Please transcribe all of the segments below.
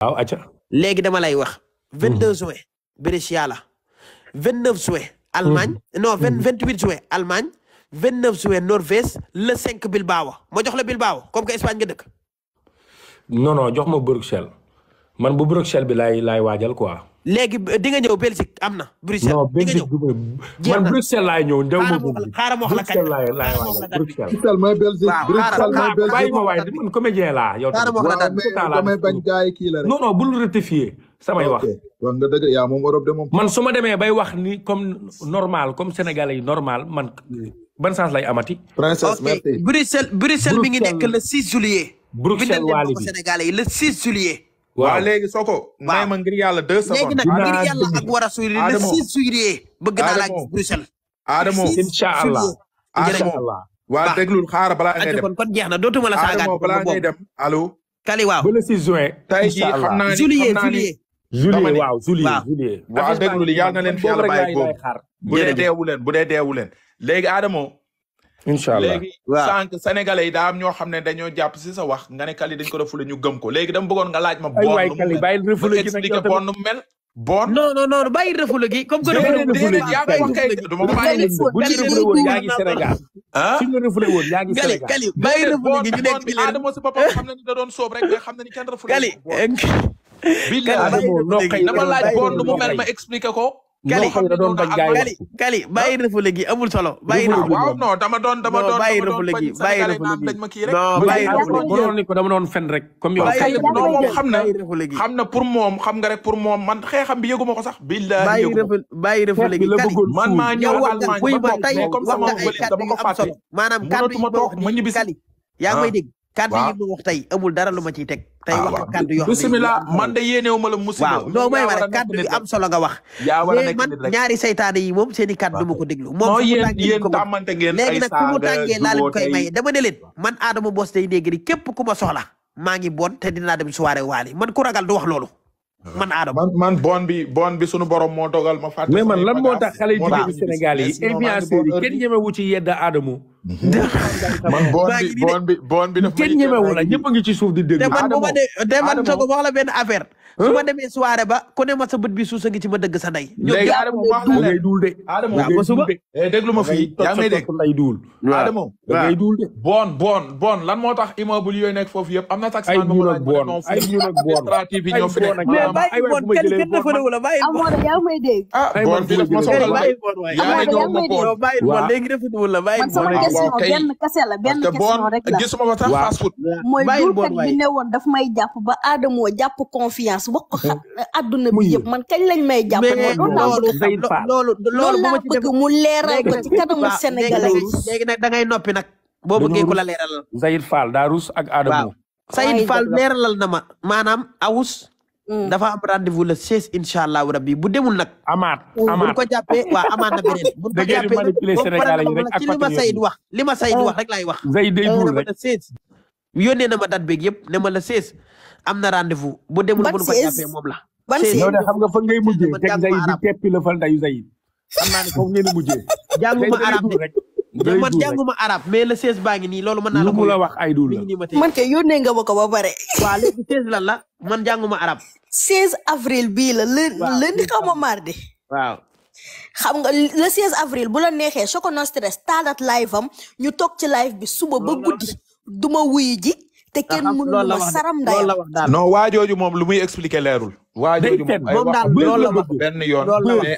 waaw acca léegi dama lay wax. Mm-hmm. vingt 22 juin. Brescia la 29 juin. Allemagne mm-hmm. non 28 mm-hmm. juin Allemagne 29 juin Norvège le 5 Bilbao ma jox la Bilbao comme que Espagne nga dëkk. non jox ma Bruxelles man bu Bruxelles bi laay laay waajal quoi. léegi euh, di ñëw Belgique am na. Bruxelles di nga ñëw man Bruxelles laay ñëw ndew ma bëgg. xaaral ma wax la kañ Bruxelles man bañ gaay kii la rek. bul rectifier samay wax. man su ma demee bay wax ni comme normal comme sénégalais yi normal man ban sens lay amati. princesse merci Bruxelles Bruxelles mi ngi nekk le 6 juillet. Bruxelles waali bi sénégalais waaw léegi Soko. waaw may ma ngir yàlla deux secondes. léegi ak war a suy. Adamo e, le six juillet. bëgg naa laa gis Bruxelles. Adamo incha allah e, incha allah. waa déglul xaar balaa ngay dem kon kon jeex na dootuma la saagaat. Adamo balaa dem allo. Kali waaw ba le six juin. tey jii xam naa ni juillet juillet. juillet waaw juillet juillet. waaw déglul yàlla na leen fi yàlla bàyyi ko bu dee leen bu dee deewu Adamo. incha allah léegi sànq sénégalais yi daa am ñoo xam ne dañoo jàpp si sa wax nga ne Kali da ko refule ñu gëm ko léegi dama bëggoon nga laaj ma. aywaay Kali bàyyi refule gi comme ma ko bàyyi bu ci refule woon yaa ngi Sénégal. ah suñu refule woon yaa ngi Sénégal Kali bàyyi refule xam na ni da doon soob rek mais xam na ni eh, noo kay dama laaj bon lu mu mel ma expliqué ko Kali Kali Kali bàyyi rëfule gi amul solo. bàyyi rëfule gi waaw non dama doon dama doon bàyyi rëfule gi bàyyi rëfule gi non bàyyi rëfule gi dama doon fen rek. comme yow Kali non moom xam na na pour moom xam nga rek pour mom man xeexam bi yëguma ko sax. billaahi bàyyi rëfule gi Kali man maa ñëw Allemagne ba toog mais comme sama wële dama ko fàtte. maanaam kàddu yi ma wax nii Kali yaa ngi may kàddu yi mu wax tey amul dara lu ma ciy teg tey ah, wax nga kàddu yoo xam ne bismillah man de yéenewu ma la musiba waaw non mooy ma rek am solo nga wax mais man ñaari saytaane yi moom seen i kàddu du ma ko déglu moom yéen tàmmante ngeen léegi nag ku mu tàngee koy may dama ne leen man Adama Boss day dégg ni képp ku ma soxla maa ngi bon te dinaa dem soirée waali man ku ragal du wax loolu ah. man Adama man bon bi bon bi sunu borom moo dogal ma fàtte mais man moo tax xale jigéen Sénégal yi influenceurs yi kenn ñemewu ci yedda Adama Mhm. man boon bi boon bi boon bi daf kenn ñemewu la ñëpp a ngi ci suuf di déglu. man ma de de man toog wax la benn affaire. su ma ba ku ne ma sa bi suusa ngi ci ma dëgg sa ndey. léegi Adama wax la leen de. Adama ngay duul de eh, déglu ma fii yaa ngi may dégg. Adama ngay duul bon bon lan moo tax immeuble yooyu nekk foofu yëpp am na tax. ay ñuul ak bon ay ñuul ak bon administratif yi ñoo fi nekk. mais bàyyi bon kenn kenn dafa ne wala bàyyi bon. amoon bon bi daf ma soxal waay. yaa ngi bon question benn kese la benn question rek la gisuma ko sax fast food mooy duulkat bi ne woon daf may jàpp ba Adamo jàpp confiance wax ko xam adduna bi yëpp man kañ lañ may jàpp loolu loolu laa bëgg mu leeral ko ci kanamu sénégalais yi léegi nag da ngay noppi nag boo bëggee ku la leeralal Zahir Fall daa rus ak Adamo Zahir Fall leeralal na ma maanaam awus Mm. dafa am rendez-vous le 16 incha allahu rabbi bu demul nag. amaat mm. amaat bu ko jàppee waa amaat na beneen. bu ko jàppee nag ci li ma Saïd wax li ma wax rek laay wax. Zayd day buur rek yónnee na ma date beeg yëpp ne ma le 16 am na rendez-vous bu demul bu ko jàppee moom la. ban si yow de xam nga fa ngay mujjee teg Zayd di teppi la fal ndayu Zayd. xam naa ne foofu ngeen di mujjee. jànguma arab day man jànguma arab mais le 16 baa ni nii loolu mën naa la ko la wax ay dul la man kay yónnee nga ma ko ba pare. waaw la man jànguma arab. 16 avril bii la. waaw lundi xaw ma mardi. waaw. xam nga le 16 avril bu la neexee Choco no stress taalat live am ñu toog ci live bi suba ba guddi duma wuyu ji. te kenn mënul ma saram ndayam non waajooju moom lu muy expliquer leerul. waajooju moom ay wax loolu la wax benn yoon.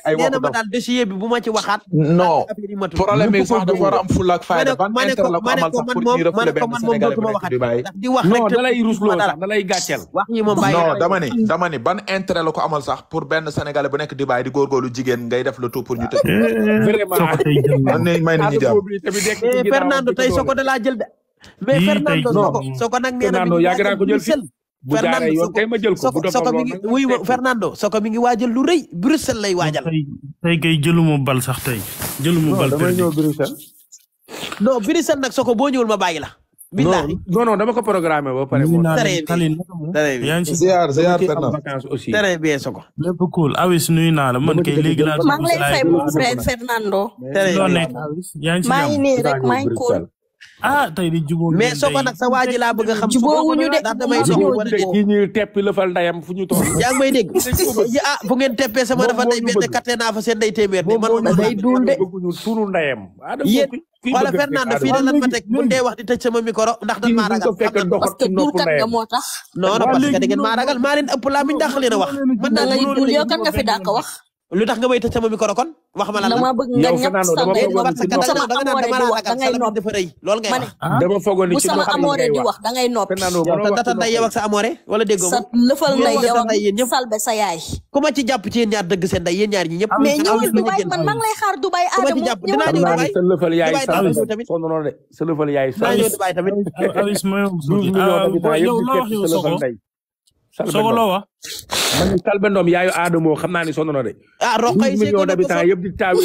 ay wax ma daal dossier bi bu ma ci waxaat. non problème yi sax a la ko amal sax pour ñu refoulé benn ban intérêt la ko amal sax pour benn sénégalais bu nekk Dubaï di góorgóorlu jigéen ngay def le tout pour a tëj. Eh, eh. a may eh, Fernando tey soo ko jël de. mais Fernando Soko Soko nag nee na mi ngi waajal lu sel Fernando Soko Soko mi ngi wuy Fernando Soko mi ngi waajal lu rëy Bruxelles lay waajal. tey kay jëluma bal sax tey jëluma bal. non damay ñëw Bruxelles. non Bruxelles nag Soko boo ñëwul ma bàyyi la. billahi non non dama ko programmé ba pare. très bien très bien. ziar ziar Fernando aussi. très bien Soko. Awis nuyu naa la man kay léegi laa. maa ngi lay fay Fernando. maa rek maa ngi ah tey di jubóo mais soko nag sa waa laa bëgg a xam. jubóowuñu de ndax damay soog a wane kii ñuy teppi lëfal bu ah, ngeen teppee sama dafa day benn katte naa fa seen day téeméer de man ma day duul de suñu ndayam ah, yéen wala wax di tëj sama micro ndax dañ moo tax non non parce que da ngeen maa ragal maa leen ëpp laa miñ dàq leen a wax man naa lay duul yow kan nga fi dàq wax lu tax nga may tëj sama micro kon wax ma la dama bëgg nga ñàkk sama sama amoore di wax dangay noppi loolu ngay wax dama foogoon ni ci sama sa amoore wala déggoo sa lëfal nday yow sa yaay ku ma ci jàpp ci yéen ñaar dëgg seen nday yéen ñaar ñi mais ñëwal Dubaay man maa lay xaar Dubaay Adamo dinaa ñëw sa lëfal yaay salbe tamit sonn noonu de sa lëfal yaay salbe dinaa ñëw Dubaay Sogo loo wax. man ni Selbé xam naa ne sonn na de. ah Roqay si gën a ko yëpp di taaw a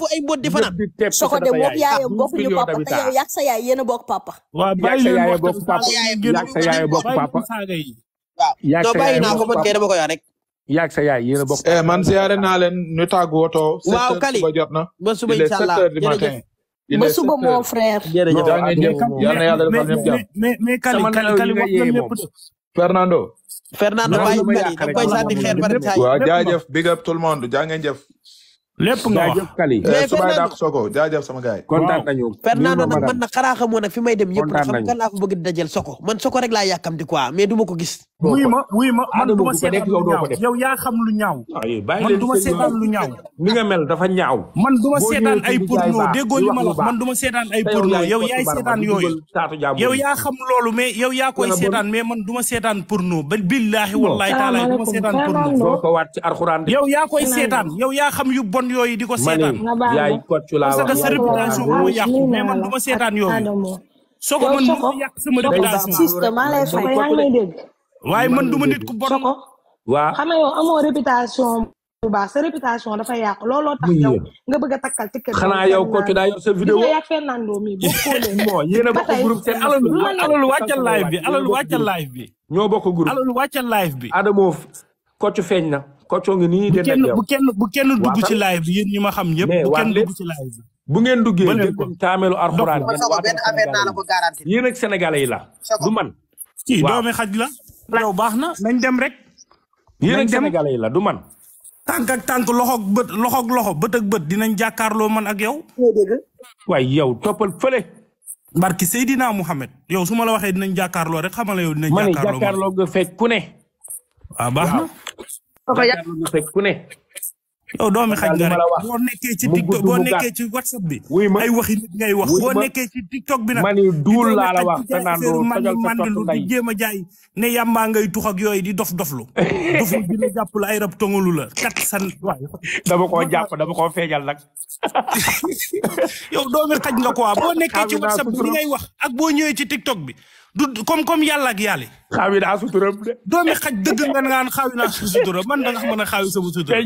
fu ay Sogo de moom yaayam bokkuñu papa te yow yàgg sa yaay yéen a bokk papa. waaw bàyyi leen yaay bokk papa yàgg sa yaay bokk papa. yàgg woto. waaw eh, Kali ba jot na. ba suba incha ba suba mon frère. jërëjëf yàlla na yàlla defal ñëpp mais mais Kali na lépp. Fernando. Fernando bàyyi Kali da koy sànni xeer bari. waaw jaajëf big up tout le monde jaa ngeen lépp nga wax eh, Fernando nag man nag xanaa xamoon na fi may dem yëpp xam nga laa fa bëgg di dajel mais du ma ko gis. wuy ma wuy ma man du ma seetaan lu ñaaw yow yaa xam lu ñaaw. Ah, man du ma seetaan lu ñaaw. ni nga mel dafa ñaaw. man du ma seetaan ay porno déggoo li ma la man du ma seetaan ay porno yow yaay seetaan yooyu. yow yaa xam loolu mais yow yaa koy seetaan mais man du seetaan porno ba billaahi wallaahi taala du ma koy seetaan yow yaa xam yu bon seetaan yooyu di ko seetaan yaay coach laa wax parce que sa réputation moo yàqu mais man du ma seetaan ah, man mu yàq sama réputation waaye man du ma nit ku bon waaw xam nga amoo réputation bu baax sa réputation dafa yàqu looloo tax yow nga bëgg a takkal ticket xanaa yaw coach daa yow sa vidéo yaa Fernando mi bokkoo leen moo yéen a bokk groupe seen alalu alalu wàccal live bi alalu wàccal live bi ñoo bokk groupe alalu wàccal live bi Adamo coach feeñ na Kocc ngi nii de nekk yow bu kenn bu kenn dugg ci live bi yéen ñi ma xam ñëpp bu kenn dugg ci live bi bu ngeen duggee déggoon taameelu arxuraan yéen ak sénégalais yi la du man kii doomi xaj la yow baax na nañ dem rek yéen ak sénégalais yi la du man tànk ak tànk loxoog bët loxoog loxo bët ak bët dinañ jàkkaarloo man ak yow waaye yow toppal fële barki Seydina Mouhamed yow su ma la waxee dinañ jàkkaarloo rek xamala yow dinañ jàkkaarloo nga fekk ku ne waaw ah, baax na dafa yàq ku ne yow doomi xaj nga rek boo nekkee ci tiktok boo nekkee ci whatsapp bi ay waxi nit ngay wax boo nekkee ci tiktok bi nag man duul laa la wax da naan lu tajal sa tot day jéem jaay ne yàmbaa ngay tux ak yooyu di dof doflu dof dina jàpp la ay rab tongalu la kat san waay dama koo jàpp dama koo feejal nag yow doomi xaj nga quoi boo nekkee ci whatsapp bi li ngay wax ak boo ñëwee ci tiktok bi du comme comme yàlla ak yàlla. xaawi naa suturam de. doomi xaj dëgg nga naan xaawi man da nga mën a xaawi sama suturam.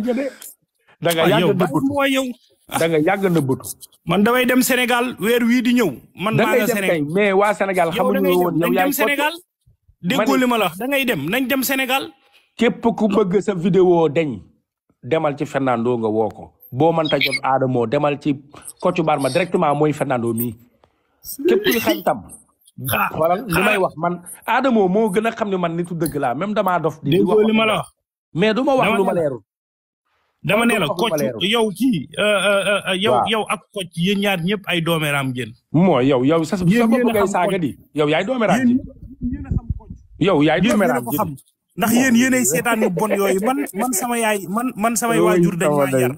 da nga yàgg nëbbatu waaw yow da nga yàgg nëbbatu. man damay dem Sénégal weer wii di ñëw. man maa nga Sénégal mais waa Sénégal xamuñu woon yow yaa ngi Sénégal. déggoo li ma la da ngay dem nañ dem Sénégal. képp ku bëgg sa vidéo deñ demal ci Fernando nga woo ko boo mënta jot Adamo demal ci Kocc Barma directement mooy Fernando mii képp ku xaritam Ah, ah, wala li may ah. wax man Adamo moo gën a xam ne man nitu dëgg la même damaa dof di wax li ma la wax mais du ma wax lu ma leerul dama ne la koc yow kii euh, euh, euh, yow yow ak koc yéen ñaar ñëpp ay doomeeraam ngeen moo yow yow sa sa bopp ngay saaga di yow yaay doomeeraam ji yow yaay doomeeraam ji ndax yéen yéenay seetaan yu bon yooyu man man sama yaay man man samay waajur dañ ma yar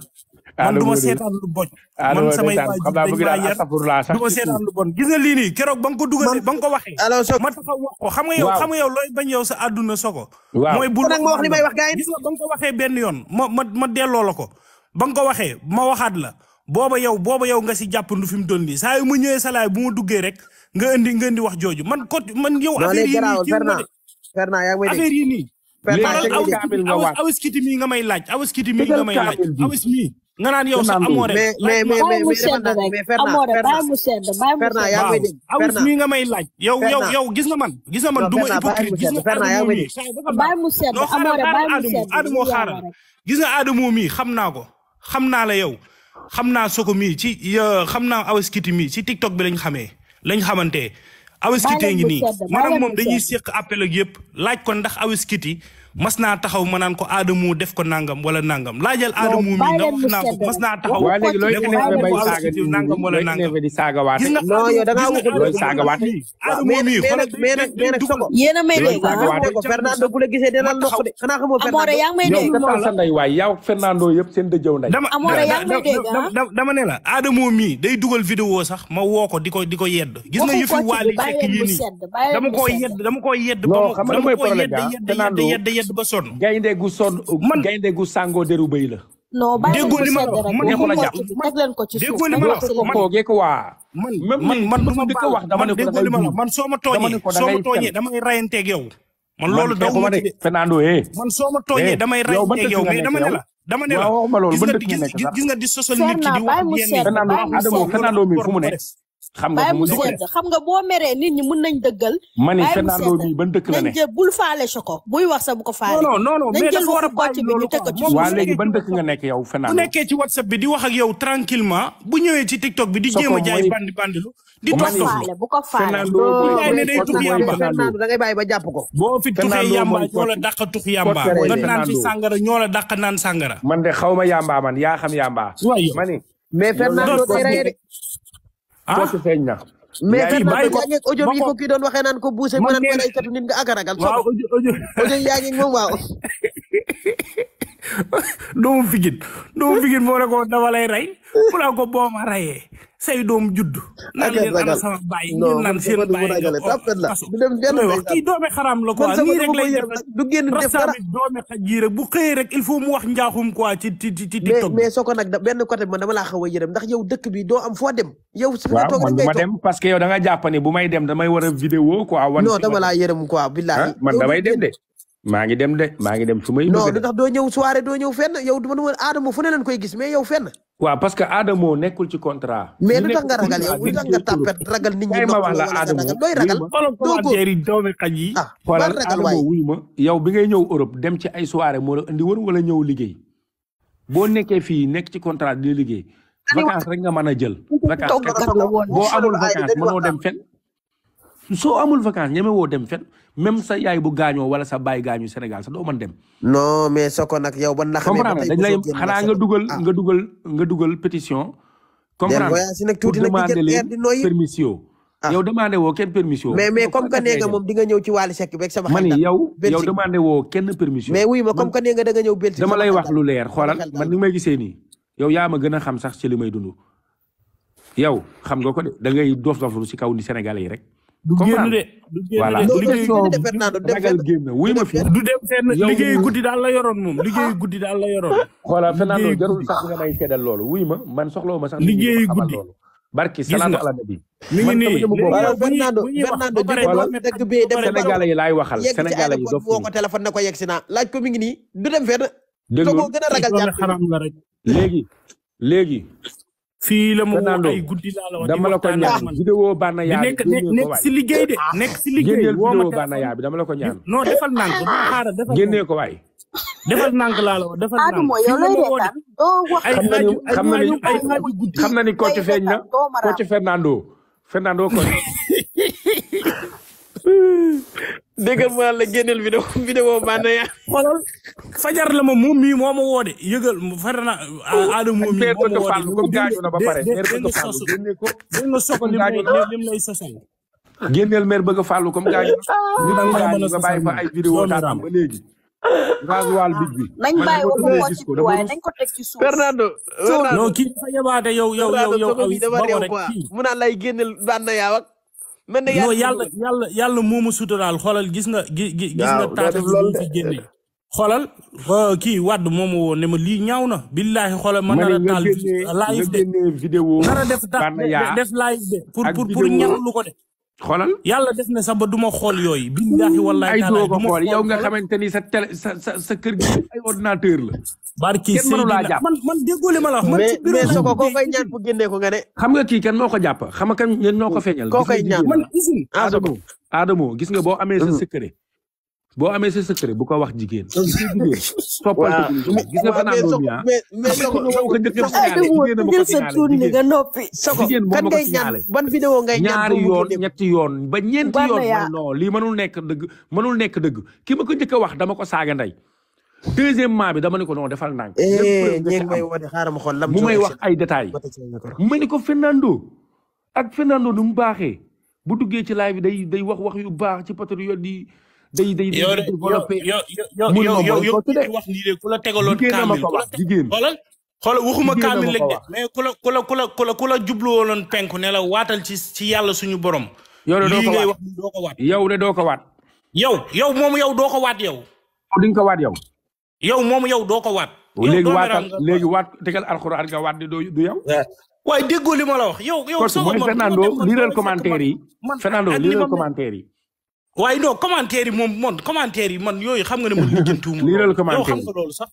man duma seetaan lu bon man samay waajib dañ ma yar duma seetaan lu bon gis nga lii nii keroog ba nga ko dugalee ba nga ko waxee ma taxaw wax ko xam nga yow xam nga yow looy bañ yow sa àdduna soko mooy bu nag ma wax li may wax gaay gis nga ba nga ko waxee benn yoon ma ma ma delloo la ko ba nga ko waxee ma waxaat la booba yow booba yow nga si jàppandu fi mu doon nii saa yu ma salaay bu ma duggee rek nga indi nga indi wax jooju man ko man yow affaire yi nii Fernand Fernand yaa ngi affaire yi nii awis kiti mii nga may laaj awis kiti mii nga may laaj awis mii nga naan yow sax amoore mais mais mais mais mi nga may laaj yow yow yow gis na man gis nga man du ma hypocrite gis nga Adamo mi bàyyi mu sedd amoore bàyyi mu sedd mi xam naa ko xam naa la yow xam naa soko mi ci xam naa awaskiti mi ci TikTok bi lañ xamee lañ xamante awaskiti ngi nii maanaam moom dañuy séq appel ak yëpp laaj ko ndax awaskiti mas naa taxaw ma naan ko aadamu def ko nangam wala nangam laajal aadamu mi nga wax naa ko mas naa taxaw nangam wala nangam di saagawaat gis nga aadamu mi a ah. sa ndey waay yow Fernando yëpp seen dëjëw ndey Amore yaa ngi may dégg dama ah. ne la aadamu mi day dugal vidéo sax ma woo ko di ko di ko yedd gis nga yëfi waali fekk yi nii dama koo yedd dama koo yedd ba ma dama koo ah. yedd yedd yedd yedd ba sonn. gaynde gu sonn man gaynde gu sàngoo deru béy la. non bàyyi ko sedd rek déggoo li ma la wax man de ko waa. man man man du ma ko ko dangay wuyu man ma ma tooñee damay rayanteeg yow. man loolu daw ma de Fernando man soo ma tooñee damay rayanteeg yow mais dama ne la. dama ne la gis nga di sosol nit ki di wax yenn Fernando mi fu mu xam nga bu mu sedd xam nga boo meree nit ñi mën nañ dëggal. mani Fernando bi ba dëkk la ne bul faale sa ko buy wax sa bu ko faale. non non non dafa war a bàyyi loolu quoi ban dëkk nga nekk yow Fernando. bu nekkee ci whatsapp bi di wax ak tranquillement bu ñëwee ci tiktok bi di jéem a jaay bandi bandilu di toog soxla bu ko faale bu ko faale. ne day tux yàmba Fernando da ngay ba jàpp ko. boo fi tuxee yàmba ñoo la dàq tux yàmba naan fi sàngara ñoo la dàq naan sàngara. man de xaw ma yàmba man yaa xam yàmba. mais Fernando day rey a ah! feeñ na. mais kii bàyyi ko mais audio yi ko kii doon waxee naan ko buuse mu naan ko lay katu nit nga ak a ragal. waaw audio audio yaa ngi moom waaw. doomu figin doomu ko dama rey. mu naan ko boo ma rayee. say doom judd. naan leen ana sama bàyyi ñu naan seen bàyyi nga kaso wax kii doome ko la quoi nii rek lay def du génn def dara doome xaj yi rek bu xëyee rek il faut mu wax njaaxum quoi ci ci soo ko nag benn côté man dama laa xaw a yërëm ndax yow dëkk bi doo am foo dem yow su ma toog rek dem parce que yow da nga jàpp ne bu may dem damay war a vidéo quoi wan non dama laa yërëm quoi billahi ah, man damay dem de maa ngi dem de maa ngi dem su may. non du tax doo ñëw soirée doo ñëw fenn yow du ma nu Adamo fu ne leen koy gis mais yow fenn. waaw parce que Adamo nekkul ci contrat. mais du tax nga ragal yow du tax nga tapet ragal nit ñi. ma wax la Adamo doy ragal. doo ko doomi xaj yi. ah ban ragal waay wuyu ma. yow bi ngay ñëw Europe dem ci ay soirée moo la indi woon wala ñëw liggéey boo nekkee fii nekk ci contrat di liggéey. vacance rek nga mën a jël. vacance boo amul vacance mënoo dem fenn. soo amul vacance ñeme woo dem fen même sa yaay bu gaañoo wala sa baay gaañu Sénégal sa doo mën dem. non mais soko nag yow ba ndax. comprendre dañ lay xanaa nga dugal ah. nga dugal nga dugal pétition. comprendre pour demander leen permission. Ah. yow demandé woo kenn permission. mais mais comme que nee nga moom di nga ñëw ci Wally Seck beeg sama. xel yow yow demandé ma nga da nga ñëw Belgique. dama lay wax lu leer xoolal man ni may gisee nii. yow yaa ma gën a xam sax ci li may dund. yow xam nga ko de da ngay dof doflu ci kaw ni Sénégalais yi rek du génn de du génn wuy ma fi du dem seen ah. liggéeyu guddi daal la yoroon moom liggéeyu guddi daal la yoroon. voilà Fernando jarul sax nga may seedal loolu wuy ma man soxlawu ma sax. liggéeyu guddi barki salaatu ala nabi. mi ngi a Fernando Fernando dëkk bi dem Sénégalais yi laay waxal Sénégalais yi dof woo ko téléphone na ko yegg si naa laaj ko mi ngi nii du dem fenn. dégg nga gën a ragal jàpp léegi léegi fii la ma woo ay guddi laa la wax dama la ko ñaan vidéo bana yaa bi nekk si liggéey de nekk si liggéey woo bana yaa bi dama la ko ñaan non defal nànk bu xaaral defal génnee ko waay defal nànk laa la wax defal nànk Adamo xam na ni xam na ni xam na ni coach feeñ na coach Fernando Fernando coach déggal ma la génneel vidéo vidéo bànn yaa xoolal fajar la ma moom mii moo ma woo de yëgal fajar na aadam moom mii moo ma woo de nga soko lim lay a fàllu comme gaañu ah, ñu dang ma mën a bàyyi fa ay vidéo taatam ba léegi gasoil bij bi nañ bàyyi woon mu wàcc waaye ko teg ci suuf Fernando non kii dafa yebaate yow yow yow yow aw ba mu naan lay génneel bànn yaa ak mën na yàlla yàlla yàlla moomu suturaal xoolal gis nga. gi gi gis nga taata bi fi génne. xoolal kii wàdd moom woon ne ma lii ñaaw na. billahi xoolal ma nar a taal live de nar a def def live de ko de. xoolal yàlla def na sax ba du ma xool yooyu. billahi wallahi taala du ma xool nga xamante ni sa télé sa sa kër gi ay ordinateur la. barki seydina man man deggo li man ci biir mais soko ko koy ñaan bu génné ko nga né xam nga ki kan moko japp xam kan ñen noko feñal ko koy ñaan man isin ah, adamo adamo gis nga bo amé sa mhm. secret bo amé sa secret bu ko wax jigen topal gis nga fana do mais mais soko ko jëk jëk signalé jigen ma ko signalé nga nopi soko kan ngay ñaan ban vidéo ngay ñaan ñaari yoon ñetti yoon ba ñenti yoon non li manul nek deug manul nek deug ki ma ko wax dama ko saga nday deuxièmement bi dama ne ko non defal ndànk. ñeeg eh, may wane xaaral ma xool lam mu may wax ay détails. ma ne ko Fernando ak Fernando nu mu baaxee bu duggee ci live bi day day wax wax yu baax ci patriote di day day. yow yow yow wax nii de la tegaloon kaamil jigéen xoolal waxuma kaamil lañ de mais ku la ku la ku la ku la ku la jubluwooloon ne la waatal ci ci yàlla suñu borom. yow de doo ko waat wax doo waat. yow de doo ko waat. yow yow moom yow doo ko waat yow. di nga ko waat yow. yow moom yow doo ko waat. léegi waatal léegi waat tegal alxuraan nga waat di doo du yow. waaye déggoo li ma la wax yow. yow soo mooy Fernando liiral commentaire yi. man Fernando liiral commentaire yi. waaye non commentaire yi moom man commentaire yi man yooyu xam nga ne man lijjantuwuma. liiral commentaire yi yow xam nga sax.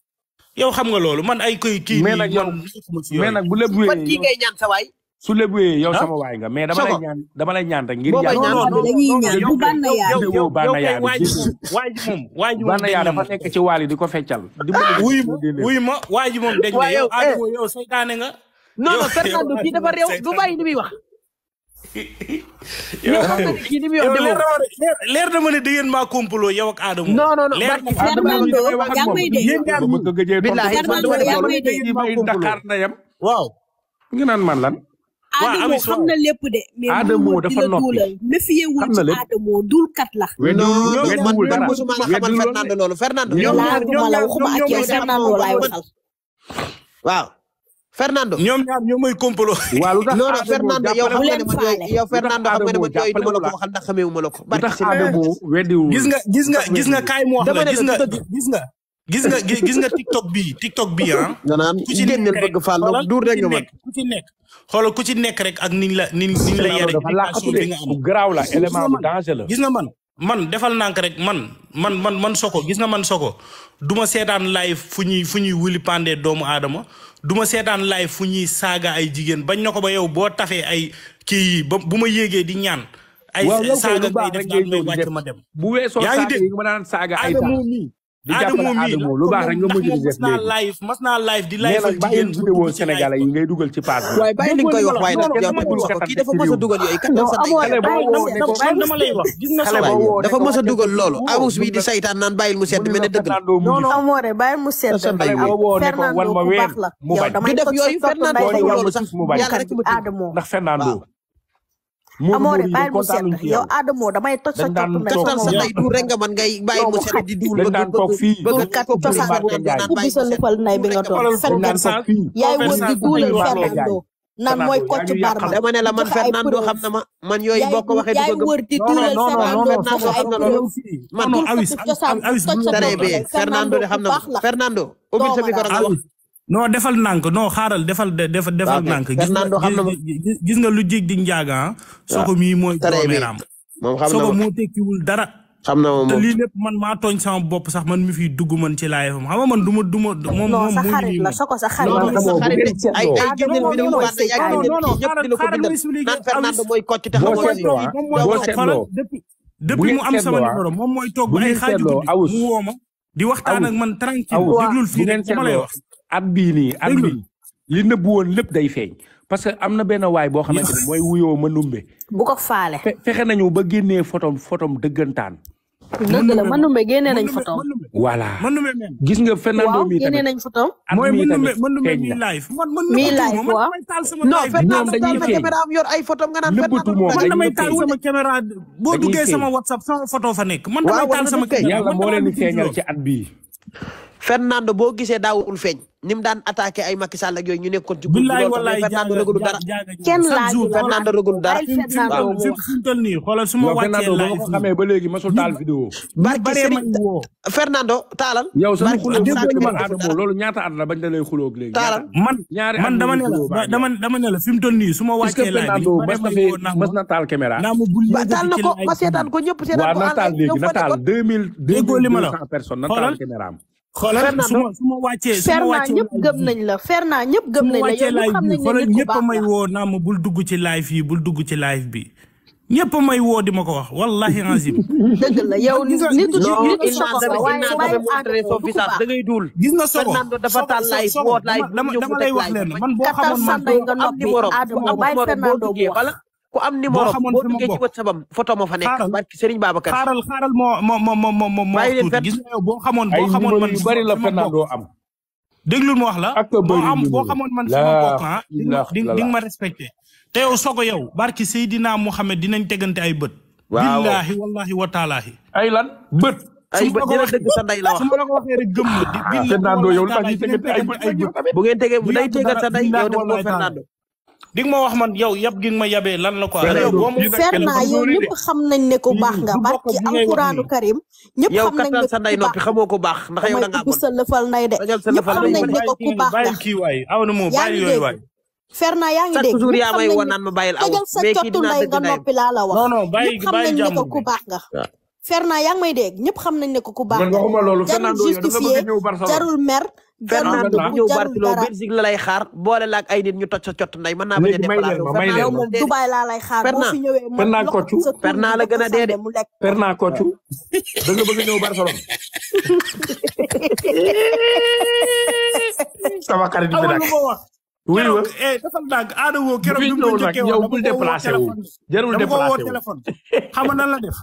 yow xam nga loolu man ay koy kii. mais nag yow mais nag bu lépp wéyee ñaan sa waay. su lebuwee yow ah? sama waay nga mais dama lay ñaan dama lay ñaan rek ngir yàlla bu bànn yaa yow bànn yaa waay ji moom waay ji moom bànn yaa dafa di ko feccal wuy wuy ma moom dañ yow Adamo eh. yow seytaane nga non non Fernando kii dafa réew du bàyyi ni leer na ma ne da ngeen maa complot yow ak Adamo non non non Fernando yaa may dégg waaw nga naan man lan Adamo xam na lépp de. Adamo dafa noppi méfier wul na Adamo dul kat la. wedduwul dara wedduwul man man loolu Fernando. ñoom ñaar ñoom ñaar ñoom ñaar waaw. Fernando ñoom ñaar ñoom mooy complot. waaw lu tax Fernando yow xam nga ne man yow Fernando xam nga ne man yooyu duma la ko waxal ndax xamewuma la ko. lu tax Adamo weddiwul gis nga gis nga gis nga kaay moo wax la gis nga gis na gis nga TikTok bii TikTok bii ah. nga naan yéen ngeen bëgg fàll duur rek nga mën ku ci nekk xoolal ku ci nekk rek ak niñ la niñ niñ la yare bi nga la élément la gis nga man man defal nank rek man man man man soko gis na man soko du ma seetaan lay fu ñuy fu ñuy wuli pandee doomu aadama duma seetaan lay fu ñuy saaga ay jigéen bañ na ko ba yow boo tafee ay kii yi bu ma yéegee di ñaan ay saaga ngay def ma dem bu weesoo saaga yi ma daan saaga ay di jàppale lu baa rek nga mujj di def léegi mas naa live di live ak jigéen vidéo sénégalais yi ngay dugal ci page bi koy wax waaye na yow tegul ko kii dafa mës a dugal yooyu kat dafa dama lay wax gis nga xale boobu dafa mës a dugal loolu abus bi di saytaan naan bàyyil mu sedd mel ne dëgg la non non amoore bàyyil mu sedd Fernando bu baax la yow dama def yooyu Fernando loolu sax yàlla rek mu Adamo ndax Fernando amoore bàyyi mu sedd yow damay toj sa copp na katal sa nay du rek nga man ngay bàyyi mu sedd di duul bëgg bëgg kat cosaan ku bisa lufal sa yaay wër di duulal Fernando nan mooy Kocc Barma ne la man Fernando xam na ma man yooyu boo ko waxee yaay wër di duulal Fernando xam na loolu man awis awis Fernando de xam na ma Fernando ubbil sa micro nga wax non defal nank non xaaral defal defal defal nank gis nga lu jig di njaaga ah? soko mi moy doomeram mom xam na soko mo wul dara xam na mom li lepp man ma togn sama bop sax man mi fi dugg man ci live xam nga man duma duma mom mom sa xarit la soko sa xarit la sa xarit ay ay gënal bi dama wax ya gënal ñepp dina ko bindal nan fernando moy ko ci taxaw moy depuis depuis mu am sama numéro mom moy togg ay xaju mu woma di waxtaan ak man tranquille deglul fi sama lay wax at bii nii at bii li nëbbu woon lépp day feeñ parce que am na benn waay boo xamante ne mooy wuyoo ma numbe bu ko faale fexe nañu ba génnee photom photom dëggantaan dëgg la Manumbe génne nañ photo am. gis nga Fernando mi tamit. waaw nañ photo am. mooy Manumbe Manumbe mi live. mi live waaw. non Fernando taal na yor ay photo am nga naan sama caméra boo duggee sama WhatsApp sama photo fa nekk man damay taal sama caméra yàlla moo leen di feeñal ci at bii. Fernando boo gisee daawul feeñ ni mu daan attaqué ay Macky Sall ak yooyu ñu nekkoon ci. billaay wallaay Fernando rëgul dara. kenn laaj Fernando rëgul dara. xoolal su ma wàccee laaj fi xamee ba léegi masul taal vidéo. barke Serigne Fernando taalal. yow sama xulóo man ñaata at la bañ da lay xulóog léegi. man man dama ne la dama nii su ma wàccee laaj bi. est-ce que Fernando mas na taal caméra. ba taal na ko ma seetaan ko ñëpp seetaan ko. waaw na taal léegi na taal xoolal su ma su ma wàccee su ma wàccee nañ la Fernand ñëpp gëm nañ la yow xam nañ ne may woo naa ma bul dugg ci live yi bul dugg ci live bi ñëpp may woo di ma ko wax wallahi azim. dëgg la yow nit nit nit soxor waaye waaye da ngay duul. gis nga soxor Fernando dafa taal live woo live dama lay wax leen man boo xamoon man am ni borom boo duggee bala. bo am numéro boo duggee ci WhatsApp am photo moo fa barki Serigne Babacar xaaral xaaral moo moo moo moo moo moo bàyyi leen gis nga yow boo xamoon boo xamoon man bari la Fernando am déglul ma wax la boo am boo xamoon man sama bokk ah di nga ma respecté te o sogo yow barki Seydina Mouhamed dinañ tegante ay bët waaw billaahi wallaahi wa ay lan bët ay bët dina dëgg sa ndey la wax su ma la ko waxee rek gëm na ah, Fernando yow la ñuy tegante ay bët bu ngeen tegee day tegal sa ndey yow def di ma wax man yow yab gi ma yabee lan la quoi. Fernand yow ñëpp xam nañ ne ku baax nga barki alquraanu karim. ñëpp xam nañ ne ku baax sa nday xamoo ko baax ndax yow da ngaa bon. damay ubbi sa lëfal nday de ñëpp xam nañ ne ko ku baax nga. yaa ah. ngi dégg Fernand yaa ngi dégg ñëpp xam nañ ne tëjal la wax. ñëpp xam nañ ne ko ku baax nga. Fernand yaa ngi may dégg ñëpp xam nañ ne ko ku baax nga. jarul justifié jarul mer Fernando ñëw Barcelone Belgique la lay xaar boole la ay nit ñu toj sa cot nday mën naa bañ a déplacé Fernando moom Dubaï laa lay xaar boo fi ñëwee Fernando Koccu Fernando la gën a dee de Fernando Koccu da nga bëgg ñëw Barcelone sama xarit bi nag oui wa defal nag aada woo keroog bi mu jarul déplacé wu xam nan la